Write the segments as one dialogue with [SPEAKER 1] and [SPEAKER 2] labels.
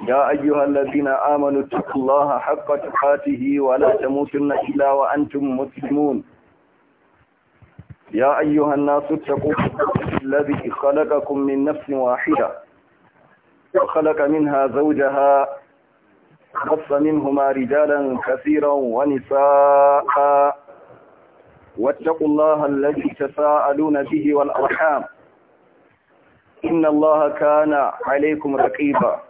[SPEAKER 1] يا أيها الذين آمنوا اتقوا الله حق تقاته ولا تموتن إلا وأنتم مسلمون يا أيها الناس اتقوا الذي خلقكم من نفس واحدة وخلق منها زوجها خص منهما رجالا كثيرا ونساء واتقوا الله الذي تساءلون به والأرحام إن الله كان عليكم رقيبا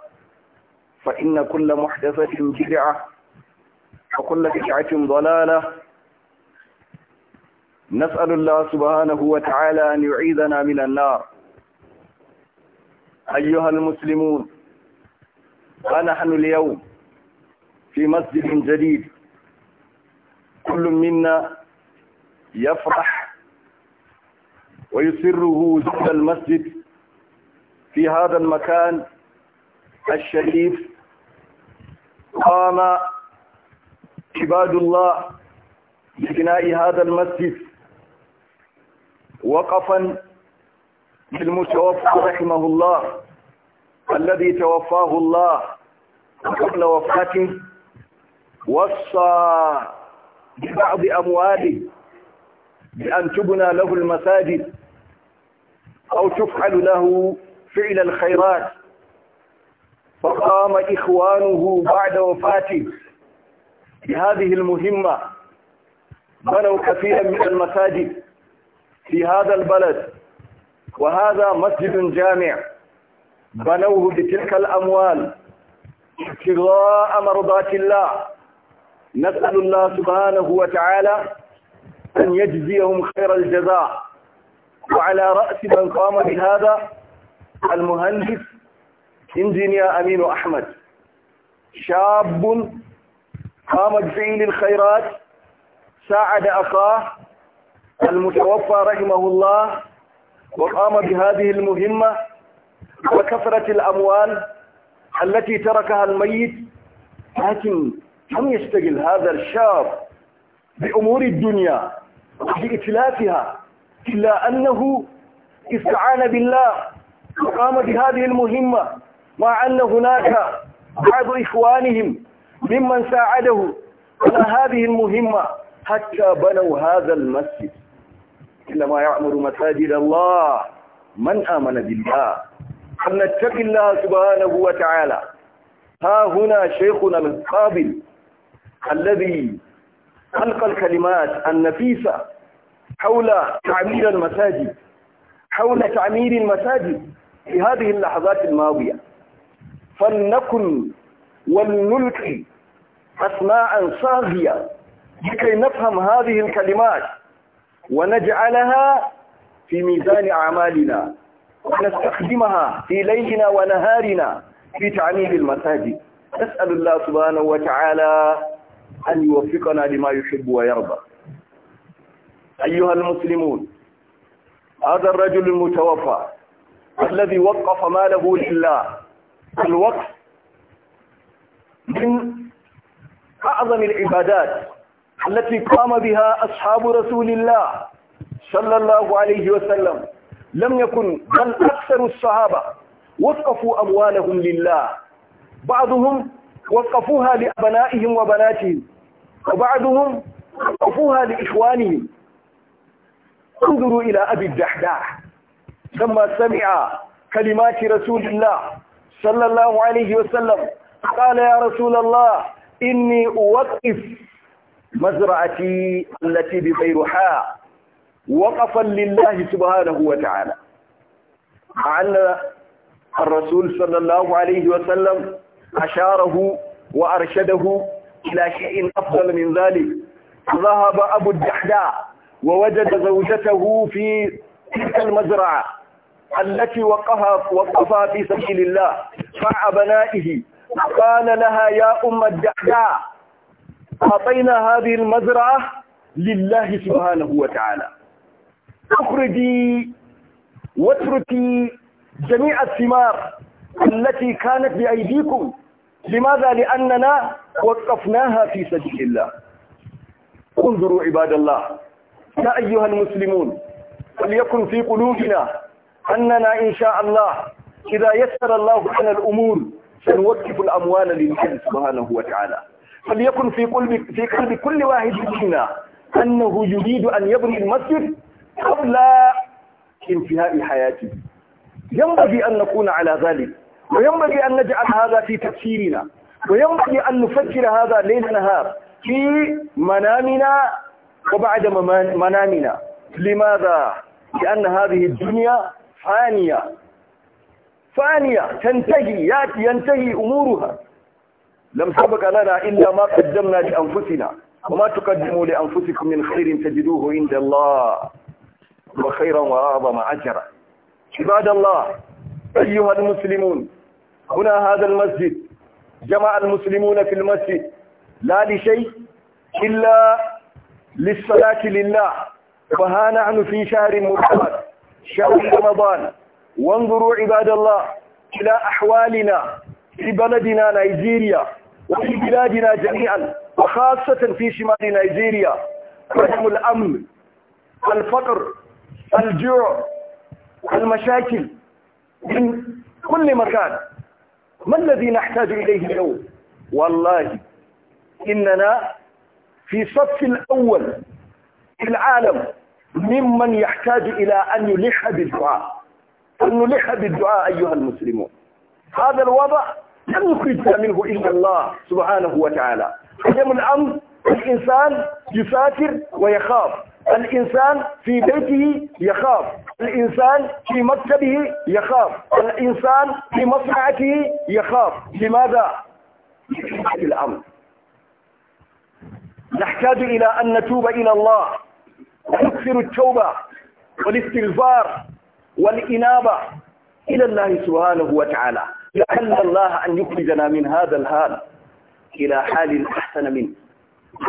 [SPEAKER 1] فإن كل محدثة بدعة وكل بدعة ضلالة نسأل الله سبحانه وتعالى أن يعيذنا من النار أيها المسلمون ونحن اليوم في مسجد جديد كل منا يفرح ويسره وجود المسجد في هذا المكان الشريف قام عباد الله ببناء هذا المسجد وقفا للمتوفى رحمه الله الذي توفاه الله قبل وفاته وصى ببعض أمواله بأن تبنى له المساجد أو تفعل له فعل الخيرات فقام إخوانه بعد وفاته بهذه المهمة بنوا كثيرا من المساجد في هذا البلد وهذا مسجد جامع بنوه بتلك الأموال ابتغاء مرضات الله نسأل الله سبحانه وتعالى أن يجزيهم خير الجزاء وعلى رأس من قام بهذا المهندس انجينير أمين أحمد شاب قام بفعل الخيرات ساعد أخاه المتوفى رحمه الله وقام بهذه المهمة وكثرة الأموال التي تركها الميت لكن لم يشتغل هذا الشاب بأمور الدنيا بإتلافها إلا أنه استعان بالله وقام بهذه المهمة مع أن هناك بعض إخوانهم ممن ساعده على هذه المهمة حتى بنوا هذا المسجد إنما يعمر مساجد الله من آمن بالله فلنتق الله سبحانه وتعالى ها هنا شيخنا القابل الذي ألقى الكلمات النفيسة حول تعمير المساجد حول تعمير المساجد في هذه اللحظات الماضية فلنكن ولنلقي أسماء صاغية لكي نفهم هذه الكلمات ونجعلها في ميزان أعمالنا ونستخدمها في ليلنا ونهارنا في تعليم المساجد نسأل الله سبحانه وتعالى أن يوفقنا لما يحب ويرضى أيها المسلمون هذا الرجل المتوفى الذي وقف ماله لله الوقت من أعظم العبادات التي قام بها أصحاب رسول الله صلى الله عليه وسلم لم يكن بل أكثر الصحابة وقفوا أموالهم لله بعضهم وقفوها لأبنائهم وبناتهم وبعضهم وقفوها لإخوانهم انظروا إلى أبي الدحداح لما سمع كلمات رسول الله صلى الله عليه وسلم قال يا رسول الله إني أوقف مزرعتي التي ببيرحاء وقفا لله سبحانه وتعالى على الرسول صلى الله عليه وسلم أشاره وأرشده إلى شيء أفضل من ذلك ذهب أبو الدحداء ووجد زوجته في تلك المزرعة التي وقها وقفها في سبيل الله مع بنائه قال لها يا أم الدعداء أعطينا هذه المزرعة لله سبحانه وتعالى اخرجي واتركي جميع الثمار التي كانت بأيديكم لماذا؟ لأننا وقفناها في سبيل الله انظروا عباد الله يا أيها المسلمون وليكن في قلوبنا أننا إن شاء الله إذا يسر الله لنا الأمور سنوقف الأموال لله سبحانه وتعالى فليكن في قلب في قلب كل واحد منا أنه يريد أن يبني المسجد قبل انتهاء حياته ينبغي أن نكون على ذلك وينبغي أن نجعل هذا في تفسيرنا وينبغي أن نفكر هذا ليل نهار في منامنا وبعد منامنا لماذا؟ لأن هذه الدنيا حانية فانية تنتهي يأتي ينتهي أمورها لم سبق لنا إلا ما قدمنا لأنفسنا وما تقدموا لأنفسكم من خير تجدوه عند الله وخيرا وأعظم أجرا عباد الله أيها المسلمون هنا هذا المسجد جمع المسلمون في المسجد لا لشيء إلا للصلاة لله وها نحن في شهر مبارك شهر رمضان وانظروا عباد الله إلى أحوالنا في بلدنا نيجيريا وفي بلادنا جميعا وخاصة في شمال نيجيريا رحم الأمن الفقر الجوع المشاكل من كل مكان ما الذي نحتاج إليه اليوم والله إننا في صف الأول في العالم ممن يحتاج إلى أن يلح بالدعاء أن نلح بالدعاء أيها المسلمون هذا الوضع لم يخرجنا منه إلا الله سبحانه وتعالى حجم الأمر الإنسان يسافر ويخاف الإنسان في بيته يخاف الإنسان في مكتبه يخاف الإنسان في مصنعته يخاف لماذا؟ الأمر نحتاج إلى أن نتوب إلى الله ويكثر التوبة والاستغفار والإنابة إلى الله سبحانه وتعالى لعل الله أن يخرجنا من هذا الحال إلى حال أحسن منه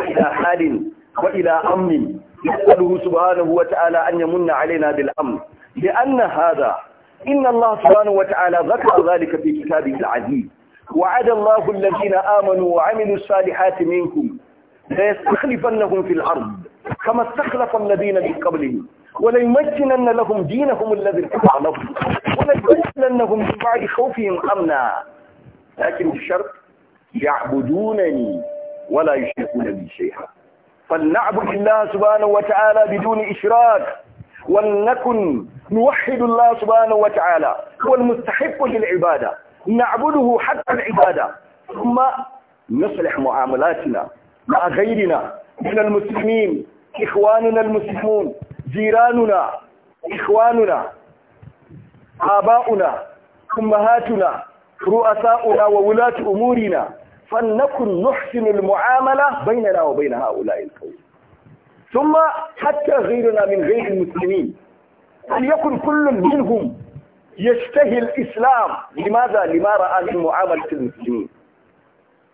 [SPEAKER 1] إلى حال وإلى أمن نسأله سبحانه وتعالى أن يمن علينا بالأمن لأن هذا إن الله سبحانه وتعالى ذكر ذلك في كتابه العزيز وعد الله الذين آمنوا وعملوا الصالحات منكم ليستخلفنهم في الأرض كما استخلف الذين من قبلهم وليمكنن لهم دينهم الذي ارتفع لهم وليمكننهم من بعد خوفهم امنا لكن بشرط يعبدونني ولا يشركون بي شيئا فلنعبد الله سبحانه وتعالى بدون اشراك ولنكن نوحد الله سبحانه وتعالى هو المستحق للعباده نعبده حتى العباده ثم نصلح معاملاتنا مع غيرنا من المسلمين إخواننا المسلمون جيراننا إخواننا آباؤنا أمهاتنا رؤساؤنا وولاة أمورنا فلنكن نحسن المعاملة بيننا وبين هؤلاء القوم ثم حتى غيرنا من غير المسلمين فليكن كل منهم يشتهي الإسلام لماذا؟ لما رأى من معاملة المسلمين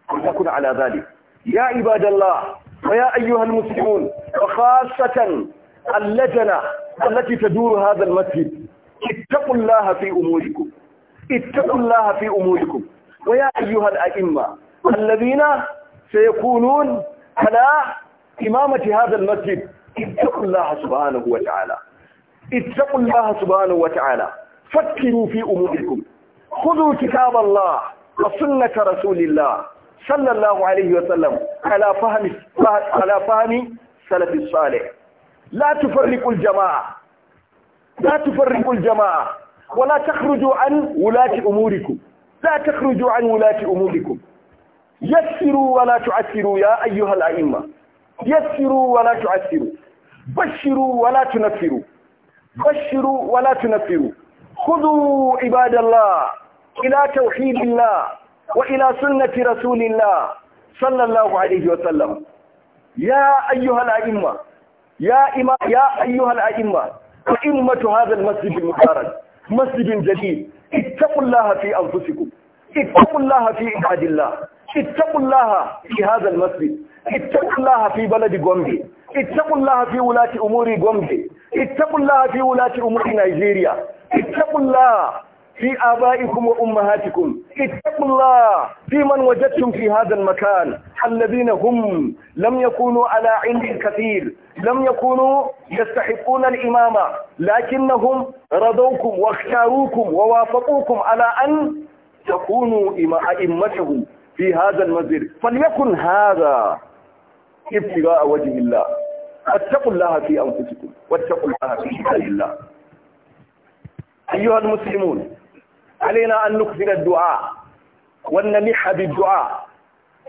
[SPEAKER 1] فلنكن على ذلك يا عباد الله فيا أيها المسلمون وخاصة اللجنة التي تدور هذا المسجد اتقوا الله في أموركم اتقوا الله في أموركم ويا أيها الأئمة الذين سيكونون على إمامة هذا المسجد اتقوا الله سبحانه وتعالى اتقوا الله سبحانه وتعالى فكروا في أموركم خذوا كتاب الله وسنة رسول الله صلى الله عليه وسلم على فهم على فهم سلف الصالح لا تفرق الجماعة لا تفرق الجماعة ولا تخرجوا عن ولاة أموركم لا تخرجوا عن ولاة أموركم يسروا ولا تعسروا يا أيها الأئمة يسروا ولا تعسروا بشروا ولا تنفروا بشروا ولا تنفروا خذوا عباد الله إلى توحيد الله وإلى سنة رسول الله صلى الله عليه وسلم يا أيها الأئمة يا إما يا أيها الأئمة أئمة هذا المسجد المبارك مسجد جديد اتقوا الله في أنفسكم اتقوا الله في عباد الله اتقوا الله في هذا المسجد اتقوا الله في بلد غومبي اتقوا الله في ولاة أمور غومبي اتقوا الله في ولاة أمور نيجيريا اتقوا الله في آبائكم وأمهاتكم اتقوا الله في من وجدتم في هذا المكان الذين هم لم يكونوا على علم كثير لم يكونوا يستحقون الإمامة لكنهم رضوكم واختاروكم ووافقوكم على أن تكونوا أئمتهم في هذا المسجد فليكن هذا ابتغاء وجه الله اتقوا الله في أنفسكم واتقوا الله في الله أيها المسلمون علينا أن نكثر الدعاء ونلح بالدعاء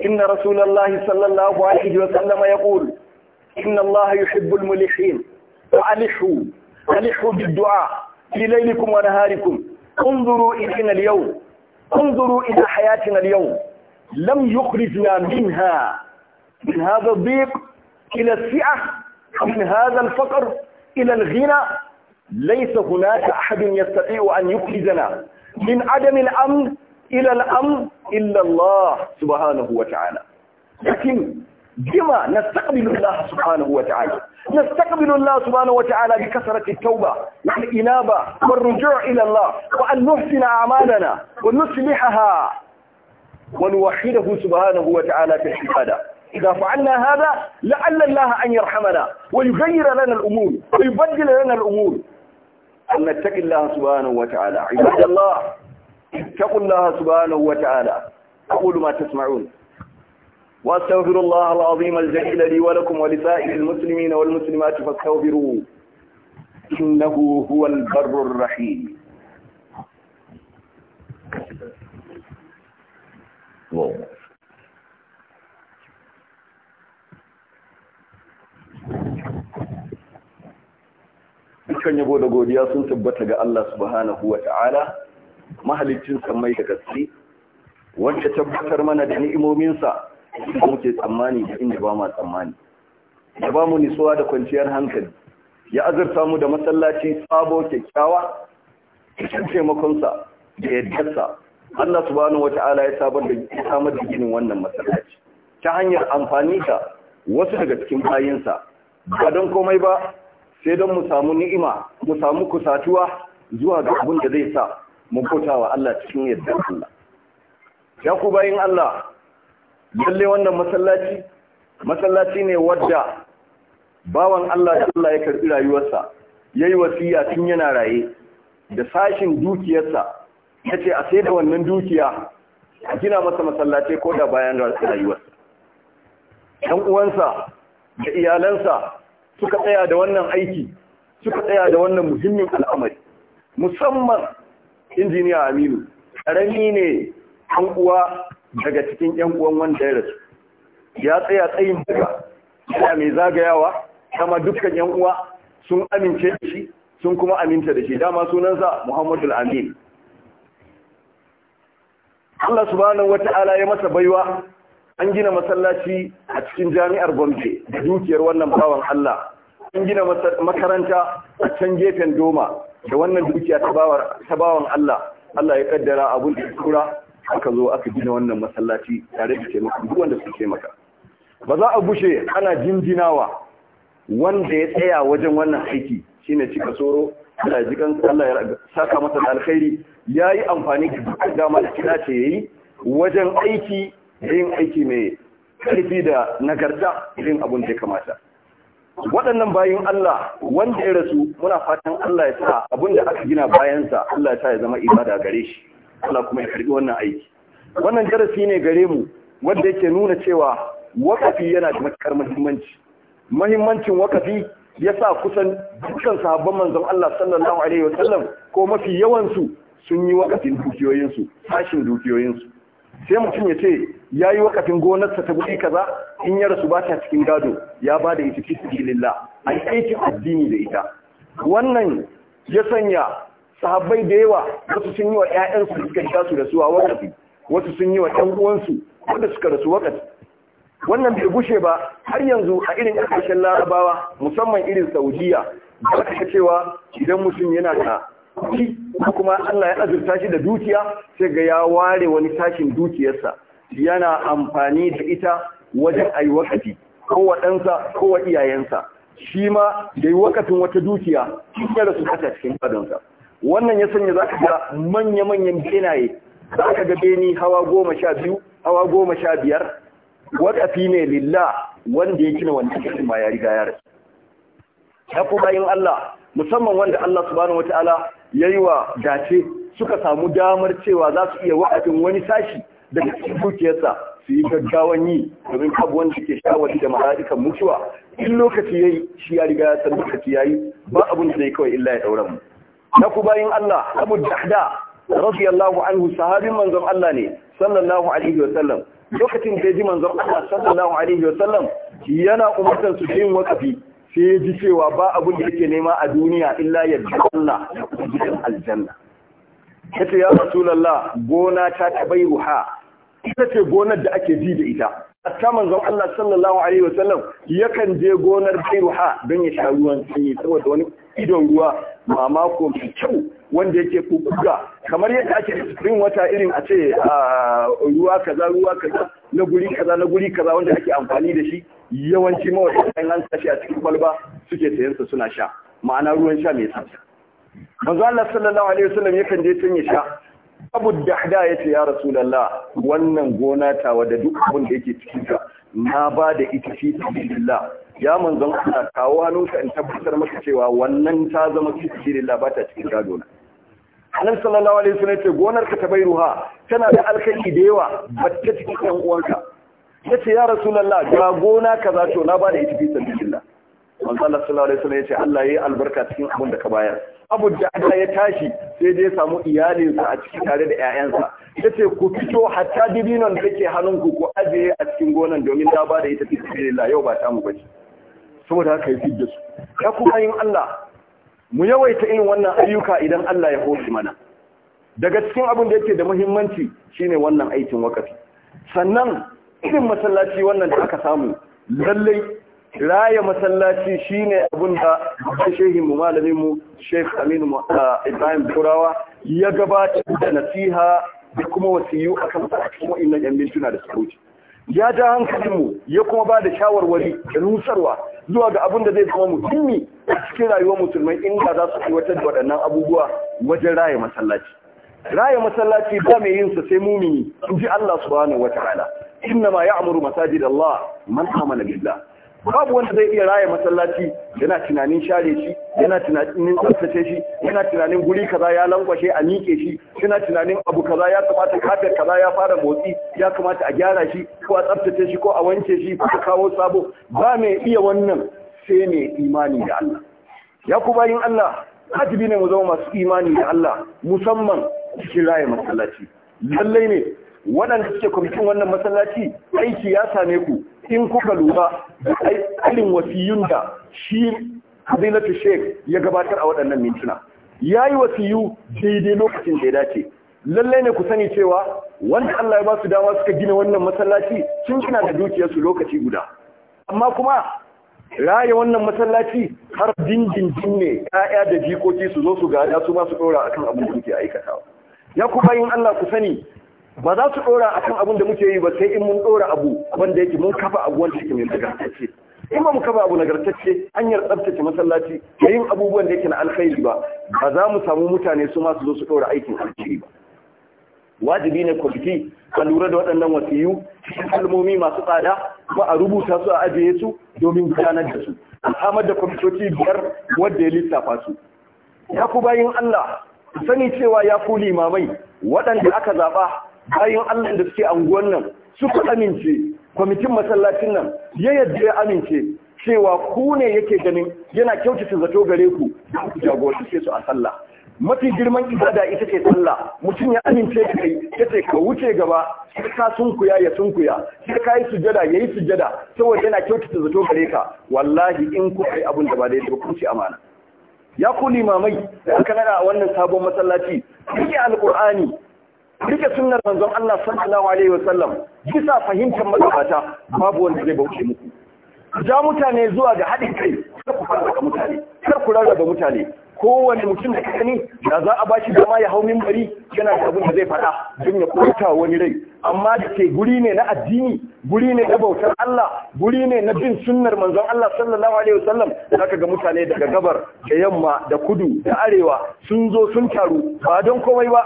[SPEAKER 1] إن رسول الله صلى الله عليه وسلم يقول إن الله يحب الملحين فألحوا ألحوا بالدعاء في ليلكم ونهاركم انظروا إلينا اليوم انظروا إلى حياتنا اليوم لم يخرجنا منها من هذا الضيق إلى السعة من هذا الفقر إلى الغنى ليس هناك أحد يستطيع أن يخرجنا من عدم الأمن إلى الأمن إلا الله سبحانه وتعالى لكن بما نستقبل الله سبحانه وتعالى نستقبل الله سبحانه وتعالى بكثرة التوبة والإنابة والرجوع إلى الله وأن نحسن أعمالنا ونصلحها ونوحده سبحانه وتعالى في العبادة إذا فعلنا هذا لعل الله أن يرحمنا ويغير لنا الأمور ويبدل لنا الأمور أن نتق الله سبحانه وتعالى عباد الله اتقوا الله سبحانه وتعالى أقول ما تسمعون وأستغفر الله العظيم الجليل لي ولكم ولسائر المسلمين والمسلمات فاستغفروه إنه هو البر الرحيم Whoa. dukkan yabo da godiya sun tabbata ga Allah subhanahu wa ta'ala mahalicin sammai da gaske wanda tabbatar mana da ni'imominsa da muke tsammani da inda ba mu tsammani ya ba mu nitsuwa da kwanciyar hankali ya azurta mu da masallaci sabo kyakkyawa cikin sa, da sa Allah subhanahu wa ta'ala ya sabar da samar da ginin wannan masallaci ta hanyar amfani da wasu daga cikin bayinsa ba don komai ba sai don mu samu ni'ima mu samu kusatuwa zuwa ga abin da zai sa mu kotawa Allah cikin yadda Allah ya ku bayin Allah lalle wannan masallaci masallaci ne wadda bawan Allah da Allah ya karɓi rayuwarsa yayi wasiya tun yana raye da sashin dukiyarsa ya ce a sai da wannan dukiya a gina masa masallaci ko da bayan rayuwarsa dan uwansa da iyalansa suka tsaya da wannan aiki suka tsaya da wannan muhimmin al'amari musamman injiniya aminu ƙarami ne ɗan uwa daga cikin ƴan uwan wanda ya rasu ya tsaya tsayin daga ya mai zagayawa kama dukkan ƴan uwa sun amince da shi sun kuma aminta da shi dama sunansa muhammadu amin Allah subhanahu wata'ala ya masa baiwa an gina masallaci a cikin jami'ar Gombe da dukiyar wannan bawan Allah an gina makaranta a can gefen doma da wannan dukiya ta bawan Allah Allah ya kaddara abun da tura aka zo aka gina wannan masallaci tare da taimakon duk wanda suke maka ba za a bushe ana jinjinawa wanda ya tsaya wajen wannan aiki shine cika soro Allah ji kan Allah ya saka masa da alkhairi yayi amfani da dama da kina ce yi wajen aiki yin aiki mai karfi da nagarta irin abun da ya kamata waɗannan bayan Allah wanda ya rasu muna fatan Allah ya sa abinda aka gina bayansa Allah ya sa ya zama ibada gare shi Allah kuma ya karbi wannan aiki wannan jarasi ne gare mu wanda yake nuna cewa wakafi yana da matukar muhimmanci muhimmancin wakafi ya sa kusan dukkan sahabban manzan Allah sallallahu alaihi wasallam ko mafi yawan su sun yi wakafin dukiyoyinsu dukiyoyinsu sai mutum ya ce ya yi wakafin gonarsa ta guri kaza in ya rasu ba ta cikin gado ya ba da ita cikin lilla a aikin addini da ita wannan ya sanya sahabbai da yawa wasu sun yi wa 'ya'yansu da suka sha su rasuwa wakati, wasu sun yi wa 'yan uwansu wanda suka rasu wakati. wannan bai gushe ba har yanzu a irin ƙasashen larabawa musamman irin saudiya da aka cewa idan mutum yana da kuɗi kuma allah ya azurta shi da dukiya sai ga ya ware wani tashin dukiyarsa yana amfani da ita wajen a yi wakafi kowa ɗansa kowa iyayensa shi ma da yi wakafin wata dukiya cikin da su kata cikin gadonsa wannan ya sanya za ka ga manya-manyan benaye za ka ga beni hawa goma sha biyu hawa goma sha biyar wakafi ne lilla wanda ya kina wani cikin ma ya riga ya rasu ya bayan Allah musamman wanda Allah subhanahu ala ya yi wa dace suka samu damar cewa za su iya wakatin wani sashi daga cikin dukiyarsa su yi gaggawan yi domin abu wanda ke shawari da mala'ikan mutuwa in lokaci yayi shi ya riga ya san lokaci yayi ba abun da zai kawai illa ya daura mu na ku bayin Allah Abu Dahda radiyallahu anhu sahabin manzon Allah ne sallallahu alaihi wasallam lokacin da ya ji manzon Allah sallallahu alaihi wasallam yana umurtan su yin wakafi sai ya ji cewa ba abun da yake nema a duniya illa ji Allah da aljanna kace ya rasulullah gona ta ruha. ita ce gonar da ake ji da ita hatta manzon Allah sallallahu alaihi wasallam yakan je gonar Bairuha don ya sha ruwan sanyi saboda wani idon ruwa mamako mai kyau wanda yake kukuga kamar yadda ake spring wata irin a ce ruwa kaza ruwa kaza na guri kaza na guri kaza wanda ake amfani da shi yawanci mawadatan an sashi a cikin kwalba suke sayan suna sha ma'ana ruwan sha mai tsafta manzo Allah sallallahu alaihi wasallam yakan je can ya sha abu hada ya ce ya rasulallah wannan gona tawa da duk abin da yake cikinta na ba da ita fi sabilillah ya manzon Allah kawo hannunka in tabbatar maka cewa wannan ta zama fi sabilillah ba ta cikin gado na Annabi sallallahu alaihi wasallam ce gonar ka tabairuha tana da alkaki da yawa ba ta cikin 'yan uwanka yace ya rasulallah ga gona kaza to na ba da ita fi sabilillah manzon Allah sallallahu alaihi wasallam ya ce Allah yayi albarka cikin abin da ka bayar abu da ya tashi sai dai samu iyalinsa a ciki tare da 'ya'yansa ya ce ku fito hatta dibinan da ke hannun ku ajiye a cikin gonan domin ta ba da ita fi sabilillah yau ba ta mu bace saboda haka ya fi su ya kuma yin Allah mu yawaita irin wannan ayyuka idan Allah ya hori mana daga cikin abin da yake da muhimmanci shine wannan aikin wakafi sannan irin masallaci wannan da aka samu lallai raya masallaci shine abin da shehin mu malamin mu Sheikh Aminu Ibrahim Turawa ya gabatar da nasiha da kuma wasiyu akan kuma innan yan mintuna da suka ya ja hankalin mu ya kuma ba da shawarwari da nusarwa zuwa ga abun da zai zama muhimmi a cikin rayuwar musulmai inda za su aiwatar da waɗannan abubuwa wajen raya masallaci raya masallaci ba mai yin sa sai mumini in ji Allah subhanahu wataala inna ma ya'muru masajid Allah man amana billah babu wanda zai iya raya masallaci yana tunanin share shi yana tunanin tsaftace shi yana tunanin guri kaza ya lankwashe a mike shi yana tunanin abu kaza ya kamata kafet kaza ya fara motsi ya kamata a gyara shi ko a tsaftace shi ko a wanke shi ko a kawo sabo ba mai iya wannan sai mai imani da Allah ya ku bayin Allah hajibi ne mu zama masu imani da Allah musamman cikin raya masallaci lallai ne waɗanda suke kwamitin wannan masallaci aiki ya same ku in kuka lura da alin wasiyun da shi ta sheik ya gabatar a waɗannan mintuna ya yi wasiyu daidai lokacin da ya dace lallai ne ku sani cewa wanda Allah ya ba su dama suka gina wannan masallaci sun gina da dukiyarsu lokaci guda amma kuma raya wannan masallaci har dindindin ne ƴaƴa da jikoki su zo su gada su masu ɗora akan abin da aikatawa ya kuma yin Allah ku sani ba za su dora kan abin da muke yi ba sai in mun dora abu wanda yake mun kafa abu wanda yake mai nagartacce in ba mu kafa abu nagartacce hanyar tsabtace masallaci da yin abubuwan da yake na alkhairi ba ba za mu samu mutane su ma su zo su dora aikin alkhairi ba wajibi ne Kwamiti, a lura da waɗannan wasiyu cikin kalmomi masu tsada kuma a rubuta su a ajiye su domin gudanar da su al'amar samar da kwamitoci biyar wadda ya lissafa su ya ku bayin Allah sani cewa ya ku limamai waɗanda aka zaɓa bayan Allah da suke anguwan nan suka amince kwamitin masallacin nan ya yadda ya amince cewa ku ne yake ganin yana kyautata zato gare ku ku jagorance su a sallah mafi girman ibada ita ce sallah mutum ya amince da kai ya ce ka wuce gaba sai ka sunkuya ya sunkuya sai ka yi sujada ya yi sujada saboda yana kyautata zato gare ka wallahi in ku kai abin da ba da ba kun ci amana ya ku limamai da aka nada a wannan sabon masallaci kike alqur'ani rike sunnar manzon Allah sallallahu alaihi wasallam bisa fahimtar mazabata babu wanda zai bauce muku ja mutane zuwa ga haɗin kai kar ku farraka mutane kar ku rarraba mutane kowane mutum da ka sani da za a bashi dama ya hau mimbari yana da abin da zai faɗa don ya kurta wani rai amma da ke guri ne na addini guri ne na bautar Allah guri ne na bin sunnar manzon Allah sallallahu alaihi wasallam ka ga mutane daga gabar da yamma da kudu da arewa sun zo sun taru ba don komai ba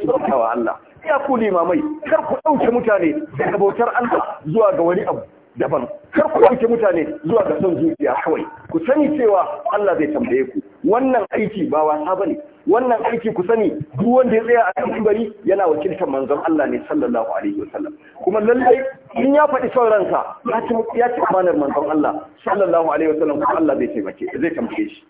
[SPEAKER 1] su bautawa Allah ya ku limamai kar ku dauke mutane daga bautar Allah zuwa ga wani abu daban kar ku ɗauke mutane zuwa ga son zuciya kawai ku sani cewa Allah zai tambaye ku wannan aiki ba wasa bane wannan aiki ku sani duk wanda ya tsaya a kan mimbari yana wakiltar manzon Allah ne sallallahu alaihi wasallam kuma lallai in ya faɗi son ransa ya ci ya ci amanar manzon Allah sallallahu alaihi wasallam kuma Allah zai taimake zai tambaye shi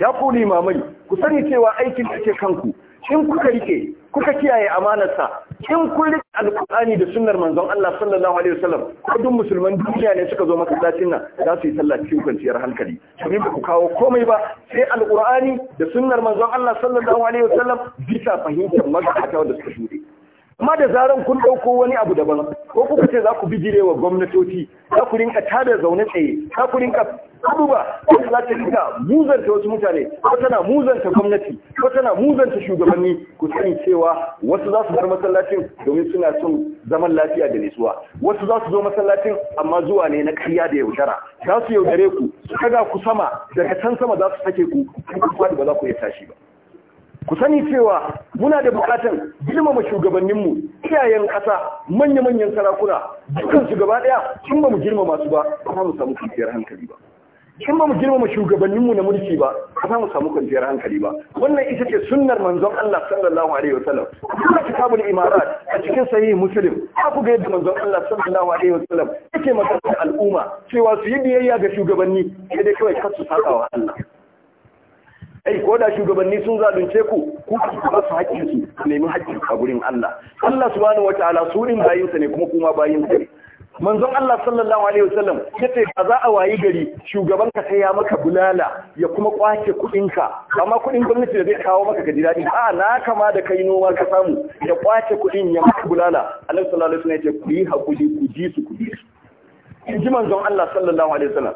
[SPEAKER 1] ya ku limamai ku sani cewa aikin da ke kanku in kuka rike kuka kiyaye amanarsa in kun rike alkur'ani da sunnar manzon Allah sallallahu alaihi wasallam ko duk musulman duniya ne suka zo masallacin nan za su yi sallah cikin kwanciyar hankali domin ba ku kawo komai ba sai alkur'ani da sunnar manzon Allah sallallahu alaihi wasallam bisa fahimtar magabata da suka shuɗe amma da zaran kun ɗauko wani abu daban ko kuka ce za ku bijire wa gwamnatoci za ku rinka tada zaune tsaye za ku rinka abubuwa ko za ta rinka muzanta wasu mutane ko tana muzanta gwamnati ko tana muzanta shugabanni ku sani cewa wasu za su bar masallacin domin suna son zaman lafiya da nisuwa wasu za su zo masallacin amma zuwa ne na karya da yaudara za su yaudare ku su kaga ku sama daga can sama za su sake ku kuma ba za ku iya tashi ba ku sani cewa muna da bukatan girmama shugabanninmu iyayen ƙasa manya-manyan sarakuna dukkan su gaba ɗaya Kin ba mu girmama su ba ba mu samu kwanciyar hankali ba Kin ba mu girmama shugabanninmu na mulki ba ba mu samu kwanciyar hankali ba wannan ita ce sunnar manzon Allah sallallahu alaihi wasallam kuma kitabul imarat a cikin sahih muslim ku ga yadda manzon Allah sallallahu alaihi wasallam yake magana al'umma cewa su yi biyayya ga shugabanni sai dai kawai kar su saba wa Allah ai ko da shugabanni sun zalunce ku ku ku ba su haƙƙin su nemi haƙƙi a gurin Allah Allah subhanahu wataala surin bayin sa ne kuma kuma bayin sa ne manzon Allah sallallahu alaihi wasallam yace ka za a wayi gari shugaban ka sai ya maka bulala ya kuma kwace kudin ka amma kuɗin gwamnati da zai kawo maka ka a na kama da kai noma ka samu ya kwace kuɗin ya maka bulala Allah sallallahu alaihi wasallam yace ku yi hakuri ku ji su ku ji su in ji manzon Allah sallallahu alaihi wasallam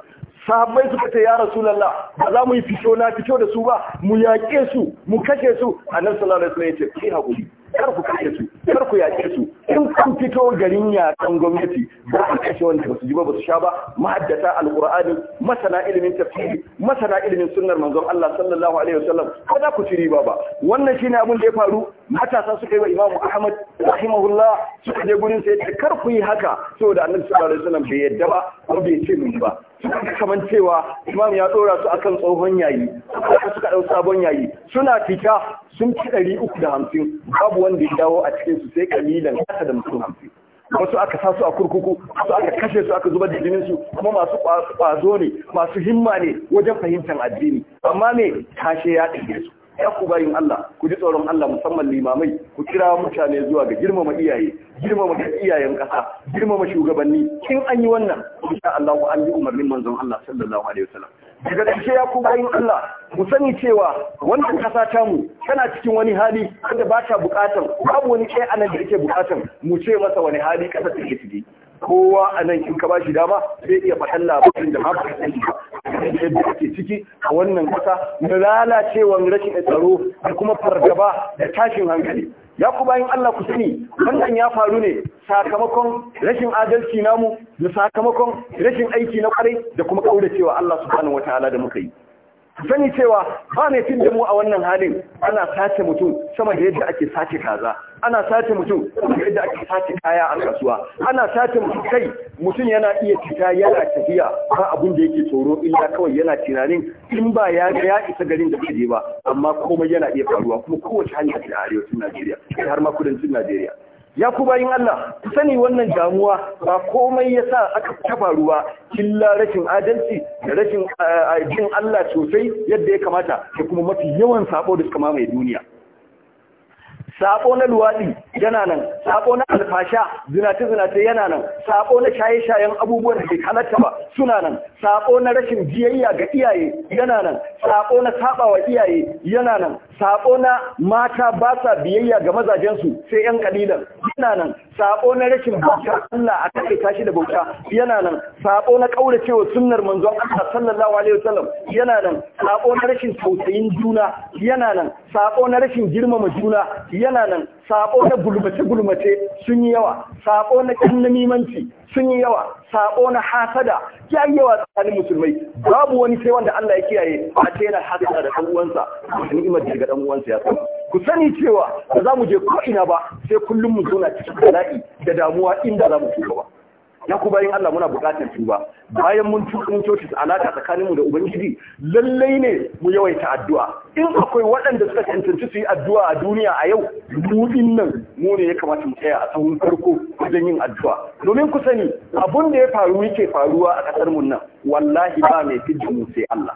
[SPEAKER 1] sahabbai suka ce ya rasulullah ba za mu yi fito na fito da su ba mu yaƙe su mu kashe su annabi sallallahu alaihi wasallam ya ce ki hakuri kar ku kashe su kar ku yaƙe su in kun fito garin kan gwamnati ba a kashe wanda ba su ji ba ba su sha ba mahaddata alqur'ani masana ilimin tafsiri masana ilimin sunnar manzon Allah sallallahu alaihi wasallam ko za ku ci riba ba wannan shine abin da ya faru matasa suka yi wa Imam Ahmad rahimahullah suka je gurin sai ce kar ku yi haka saboda Annabi sallallahu alaihi wasallam bai yadda ba ko bai ce mun ba suka kaman cewa imam ya dora su akan tsohon yayi suka ɗau sabon yayi suna fita sun ci ɗari uku da hamsin babu wanda ya dawo a cikin su sai kalilan kasa da mutum hamsin wasu aka sa su a kurkuku wasu aka kashe su aka zuba da jinin su kuma masu ƙwazo ne masu himma ne wajen fahimtar addini amma me tashe ya ɗage su ya ku bayin Allah ku ji tsoron Allah musamman limamai ku kira mutane zuwa ga girmama iyaye girmama iyayen ƙasa girmama shugabanni kin an yi wannan insha Allah an bi umarnin manzon Allah sallallahu alaihi wasallam daga ƙarshe ya kuma yin Allah ku sani cewa wannan ƙasa ta mu tana cikin wani hali wanda ba ta buƙatar babu wani ɗaya anan da yake buƙatar mu ce masa wani hali ƙasar ke ciki kowa a nan in ka ba shi dama zai iya faɗan labarin da ma ba yadda ake ciki a wannan ƙasa na lalacewar rashin tsaro da kuma fargaba da tashin hankali ya ku bayan Allah ku sani wannan ya faru ne sakamakon rashin adalci namu da sakamakon rashin aiki na kwarai da kuma ƙauracewa Allah subhanahu wataala da muka yi sani cewa ba ne fin da mu a wannan halin ana sace mutum sama da yadda ake sace kaza ana sace mutum sama da yadda ake sace kaya a kasuwa ana sace mutum kai mutum yana iya fita yana tafiya ba abin da yake tsoro illa kawai yana tunanin in ba ya ya isa garin da kaje ba amma komai yana iya faruwa kuma kowace hanya ta a arewacin Najeriya har ma kudancin Najeriya ya ku bayin Allah ku sani wannan damuwa ba komai ya sa aka tafa ruwa killa rashin adalci da rashin eh, jin Allah sosai yadda ya kamata da kuma mafi yawan sabo da suka mamaye duniya sabo na luwaɗi yana nan sabo na alfasha zinace zinace yana nan sabo na shaye shayen abubuwan da ke halatta ba suna nan sabo na rashin jiyayya ga iyaye yana nan sabo na sabawa iyaye yana nan sabo na mata ba sa biyayya ga mazajensu sai yan kalilan yana nan sabo na rashin bauta Allah a kai tashi da bauta yana nan sabo na kauracewa sunnar manzon Allah sallallahu alaihi wasallam yana nan sabo na rashin tausayin juna yana nan sabo na rashin girmama juna yana nan sabo na gulmace gulmace sun yi yawa sabo na kannamimanci sun yi yawa sabo na hasada ya yi yawa tsakanin musulmai babu wani sai wanda Allah ya kiyaye a ce yana hasada da ɗan uwansa ni'imar daga dan uwansa ya samu ku sani cewa ba za mu je ko ina ba sai kullum mu zauna cikin bala'i da damuwa inda za mu fito ba ya ku bayan Allah muna buƙatar tuba bayan mun tukun coci alaka tsakaninmu da ubangiji lallai ne mu yawaita addu'a in akwai waɗanda suka cancanci su yi addu'a a duniya a yau mu nan mu ne ya kamata mu tsaya a tsawon farko wajen yin addu'a domin ku sani abun da ya faru yake faruwa a ƙasar mu nan wallahi ba mai fidda mu sai Allah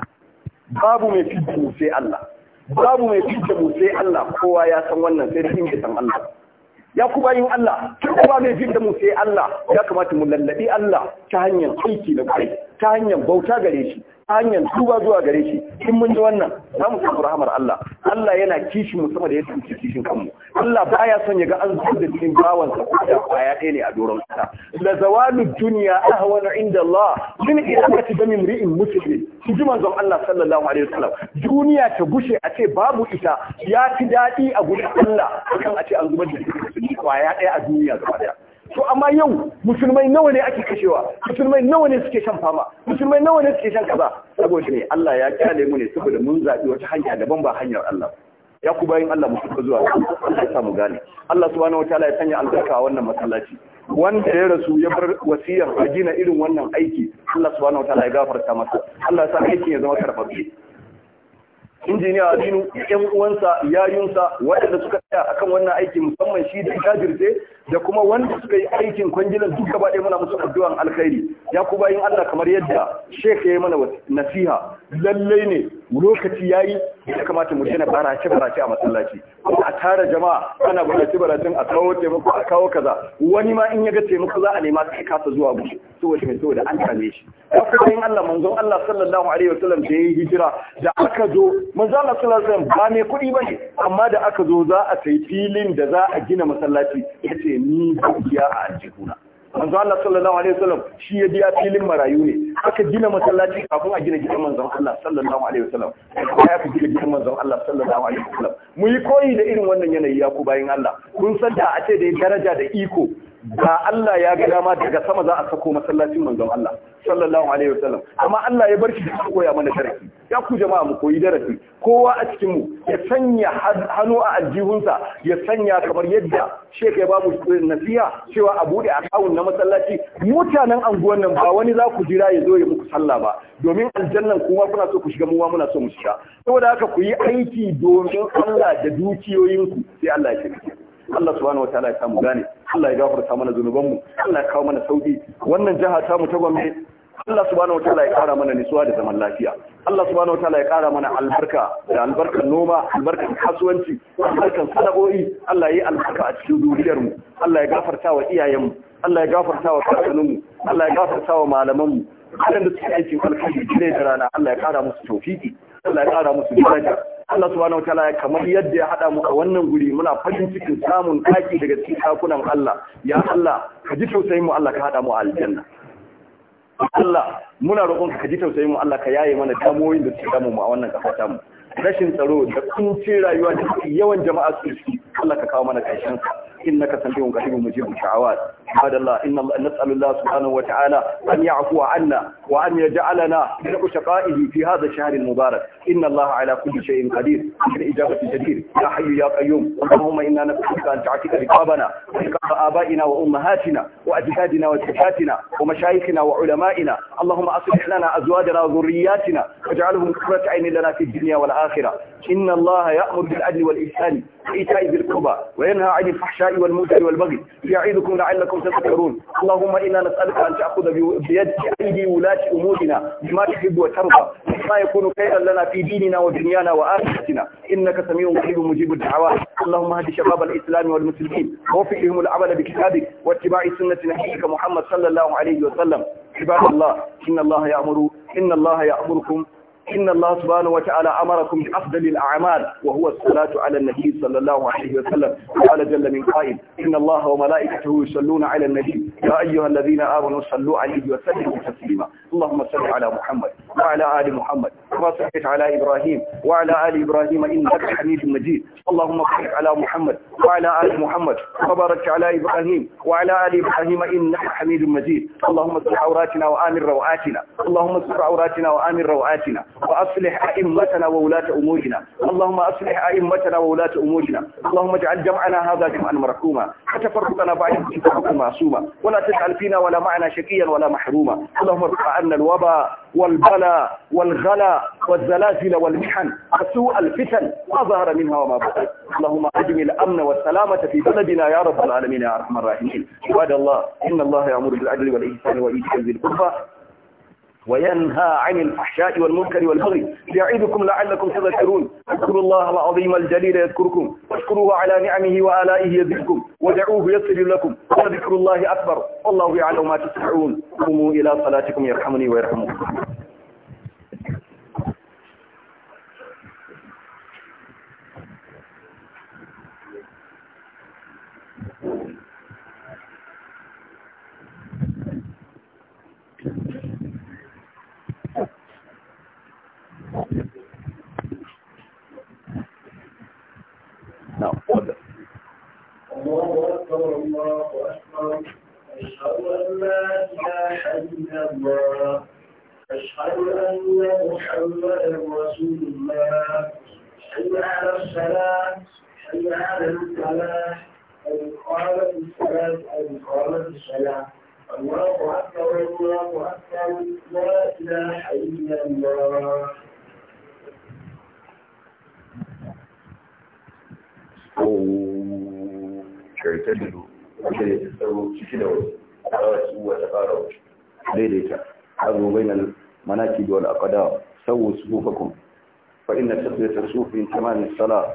[SPEAKER 1] babu mai fidda mu sai Allah babu mai fidda mu sai Allah kowa ya san wannan sai da san Allah ya kuba yin Allah kin ba jin da mu sai Allah ya kamata mu lallabi Allah ta hanyar aiki na kwarai ta hanyar bauta gare shi ta hanyar tuba zuwa gare shi in mun ji wannan za mu samu rahamar Allah Allah yana kishi mu sama da yadda mu kishin kanmu Allah baya son ya ga an zuwa da cikin bawan sa da kwaya ɗaya ne a doron sa la zawalu dunya ahwanu inda Allah ci ilaqati ri'in mri'in Ki ji manzon Allah sallallahu alaihi wasallam duniya ta bushe a ce babu ita ya fi daɗi a gurin Allah kan a ce an zubar da kwaya ɗaya a duniya gaba ɗaya to amma yau musulmai nawa ne ake kashewa musulmai nawa ne suke shan fama musulmai nawa ne suke shan kaza saboda ne Allah ya kyale mu ne saboda mun zabi wata hanya daban ba hanyar Allah ya ku bayin Allah mu suka zuwa Allah ya samu gane Allah subhanahu wataala ya sanya albarka a wannan masallaci wanda ya rasu ya bar wasiyar a gina irin wannan aiki Allah subhanahu wataala ya gafarta masa Allah ya sa aikin ya zama karfafi injiniya Aminu yan uwansa yayunsa waɗanda suka tsaya akan wannan aiki musamman shi da jajirce da kuma wanda suka yi aikin kwangilan duk gaba ɗaya muna musu addu'an alkhairi ya ku bayin Allah kamar yadda sheka ya mana nasiha lalle ne lokaci yayi ya kamata mu daina barace barace a masallaci a tara jama'a ana barace baracin a kawo taimako a kawo kaza wani ma in ya ga taimako za a nema sai kasa zuwa mu saboda mai saboda an kame shi haka bayin Allah manzon Allah sallallahu alaihi wasallam da yayi hijira da aka zo manzon Allah sallallahu alaihi wasallam ba mai kuɗi bane amma da aka zo za a sayi filin da za a gina masallaci yace ni dukiya a aljihuna manzo Allah sallallahu alaihi wasallam shi ya biya filin marayu ne aka gina masallaci kafin a gina gidan manzo Allah sallallahu alaihi wasallam ya fi gina gidan manzo Allah sallallahu alaihi wasallam mu yi koyi da irin wannan yanayi ya ku bayin Allah kun san da a ce da daraja da iko ba Allah ya ga dama daga sama za a sako masallacin manzon Allah sallallahu alaihi wasallam amma Allah ya barki da koya mana darasi ya ku jama'a mu koyi darasi kowa a cikin mu ya sanya hannu a aljihunsa ya sanya kamar yadda sheka ya bamu nasiha cewa a bude akawun na masallaci mutanen anguwan nan ba wani za ku jira ya zo ya muku sallah ba domin aljannan kuma kuna so ku shiga mu muna so mu shiga saboda haka ku yi aiki domin Allah da dukiyoyinku sai Allah ya kike Allah subhanahu ta'ala ya samu gane Allah ya gafarta mana zunubanmu Allah ya kawo mana sauki wannan jaha ta mu ta Gombe Allah subhanahu ta'ala ya kara mana nisuwa da zaman lafiya Allah subhanahu ta'ala ya kara mana albarka da albarkar noma albarkar kasuwanci albarkar sana'o'i Allah ya yi albarka a cikin mu Allah ya gafarta wa iyayenmu Allah ya gafarta wa kakanninmu Allah ya gafarta wa malamanmu da suke aikin alkhairi ne da rana Allah ya kara musu tawfiki Allah ya kara musu daraja Allah subhanahu wataala ya kamar yadda ya hada mu a wannan guri muna farin cikin samun kaki daga cikin kakunan Allah ya Allah ka ji tausayin mu Allah ka hada mu a aljanna Allah muna roƙon ka ji tausayin mu Allah ka yaye mana damoyin da suke damu mu a wannan kafa mu rashin tsaro da kuncin rayuwa da yawan jama'a su ciki Allah ka kawo mana ƙarshen sa إنك سميع قريب مجيب الدعوات عباد الله إن نسأل الله سبحانه وتعالى أن يعفو عنا وأن يجعلنا من عشقائه في هذا الشهر المبارك إن الله على كل شيء قدير من إجابة جدير يا حي يا قيوم اللهم إنا نسألك أن تعتق رقابنا ورقاب آبائنا وأمهاتنا وأجدادنا وجداتنا ومشايخنا وعلمائنا اللهم أصلح لنا أزواجنا وذرياتنا واجعلهم قرة عين لنا في الدنيا والآخرة الآخرة إن الله يأمر بالعدل والإحسان وإيتاء ذي القربى وينهى عن الفحشاء والمنكر والبغي يعظكم لعلكم تذكرون اللهم إنا نسألك أن تأخذ بيد أيدي ولاة أمورنا بما تحب وترضى ما يكون خيرا لنا في ديننا ودنيانا وآخرتنا إنك سميع قريب مجيب الدعوات اللهم هد شباب الإسلام والمسلمين ووفقهم العمل بكتابك واتباع سنة نبيك محمد صلى الله عليه وسلم عباد الله إن الله يأمر إن الله يأمركم إن الله سبحانه وتعالى أمركم بأفضل الأعمال وهو الصلاة على النبي صلى الله عليه وسلم قال جل من قائل إن الله وملائكته يصلون على النبي يا أيها الذين آمنوا صلوا عليه وسلم تسليما اللهم صل على محمد وعلى آل محمد كما صليت على إبراهيم وعلى آل إبراهيم إنك حميد مجيد اللهم صل على محمد وعلى آل محمد وبارك على إبراهيم وعلى آل إبراهيم إنك حميد مجيد اللهم استر عوراتنا وآمن روآتنا اللهم استر عوراتنا وآمن روآتنا وأصلح أئمتنا وولاة أمورنا اللهم أصلح أئمتنا وولاة أمورنا اللهم اجعل جمعنا هذا جمعا مرحوما وتفرقنا بعد معصوما ولا تجعل فينا ولا معنا شقيا ولا محروما اللهم ارفع أن الوباء والبلاء والغلاء والزلازل والمحن وسوء الفتن ما ظهر منها وما بطن اللهم أدم الأمن والسلامة في بلدنا يا رب العالمين يا أرحم الراحمين عباد الله إن الله يأمر بالعدل والإحسان وإيتاء ذي القربى وينهى عن الفحشاء والمنكر والبغي يعيدكم لعلكم تذكرون اذكروا الله العظيم الجليل يذكركم واشكروه على نعمه وآلائه يزدكم ودعوه يصل لكم وذكر الله أكبر والله يعلم ما تسمعون قوموا إلى صلاتكم يرحمني ويرحمكم الله الوضوء في كمال الصلاة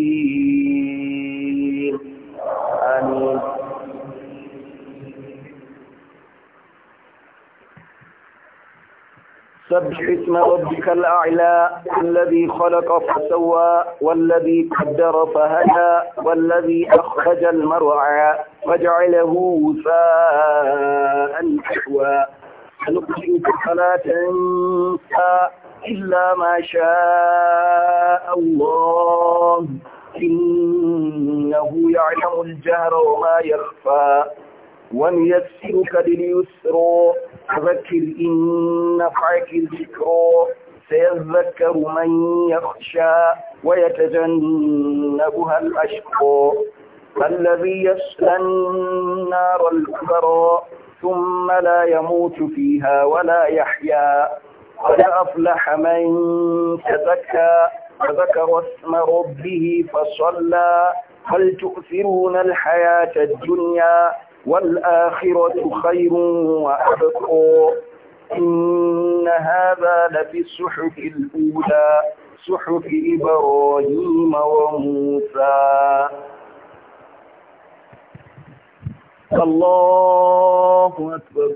[SPEAKER 1] سبح اسم ربك الأعلى الذي خلق فسوى والذي قدر فهدى والذي أخرج المرعى وجعله وفاء أحوى سنقرئك فلا تنسى إلا ما شاء الله إنه يعلم الجهر وما يخفى ونيسرك لليسرى فذكر إن نفعك الذكر سيذكر من يخشى ويتجنبها الأشقى الذي يصلى النار الكبرى ثم لا يموت فيها ولا يحيا قد أفلح من تزكى فذكر اسم ربه فصلى هل تؤثرون الحياة الدنيا والآخرة خير وأبقى إن هذا لفي الصحف الأولى صحف إبراهيم وموسى
[SPEAKER 2] الله أكبر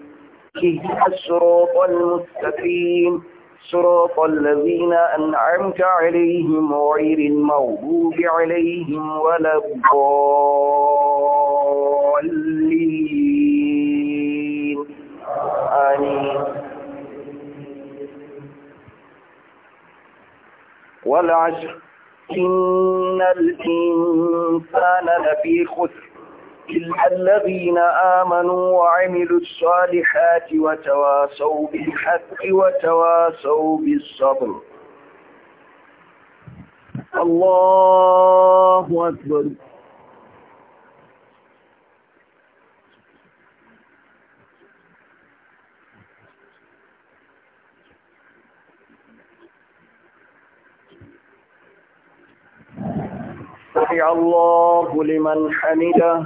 [SPEAKER 1] اهدنا الصراط المستقيم صراط الذين أنعمت عليهم غير المغضوب عليهم ولا الضالين
[SPEAKER 2] آمين
[SPEAKER 1] والعشر إن الإنسان لفي خسر إلا الذين آمنوا وعملوا الصالحات وتواصوا بالحق وتواصوا بالصبر
[SPEAKER 2] الله أكبر
[SPEAKER 1] سمع الله لمن حمده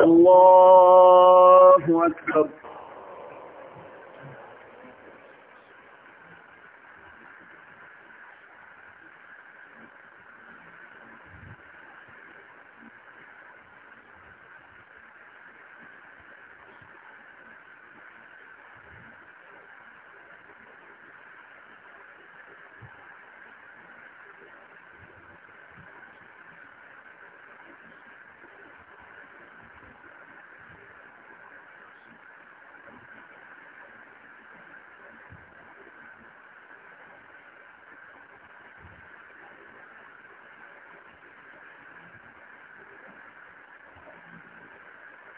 [SPEAKER 2] الله أكبر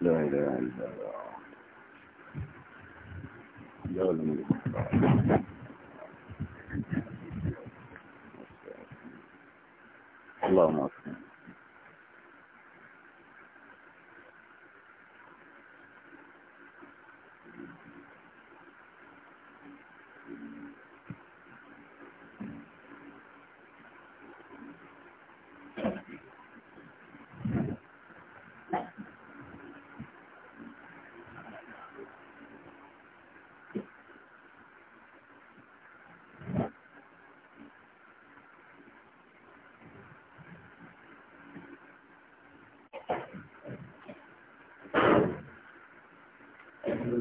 [SPEAKER 2] La ilahe illallah. Ya Allah.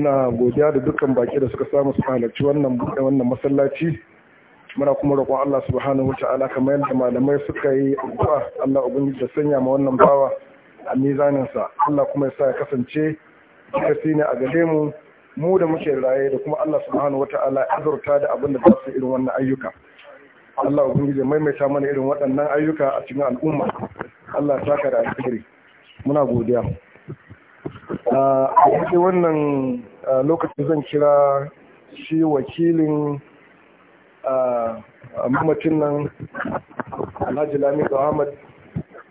[SPEAKER 1] muna godiya da dukkan baki da suka samu su halarci wannan buɗe wannan masallaci muna kuma roƙon Allah subhanahu wa ta'ala kamar yadda malamai suka yi addu'a Allah ubangiji da sanya ma wannan bawa a mizaninsa Allah kuma ya sa ya kasance kasi ne a gare mu mu da muke raye da kuma Allah subhanahu wa ta'ala azurta da abin da za su irin wannan ayyuka Allah ubangiji maimaita mana irin waɗannan ayyuka a cikin al'umma Allah ya saka da alkhairi muna godiya a yake wannan lokacin zan kira shi wakilin mamacin nan alhaji Lami ahmad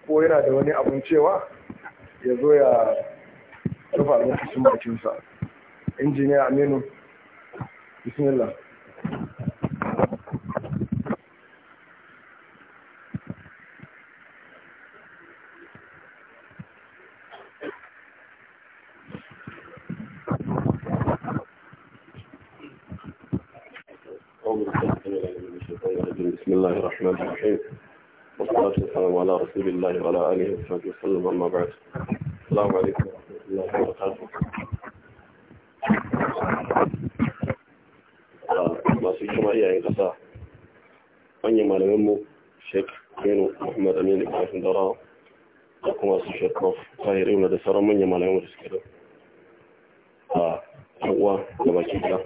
[SPEAKER 1] ko yana da wani abin cewa ya zo ya rufa lokacin bakinsa injiniya aminu bismillah
[SPEAKER 2] رسول الله وعلى آله وصحبه وسلم أما بعد السلام عليكم ورحمة الله وبركاته
[SPEAKER 1] masu kuma iyayen ƙasa manyan malaminmu sheik keno muhammad aminu ibrahim dara da kuma su sheik prof tahir ibn da sauran manyan malaminmu da suke da a ɗan'uwa da baki ɗaya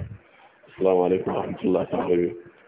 [SPEAKER 1] assalamu alaikum warahmatullahi wabarakatuh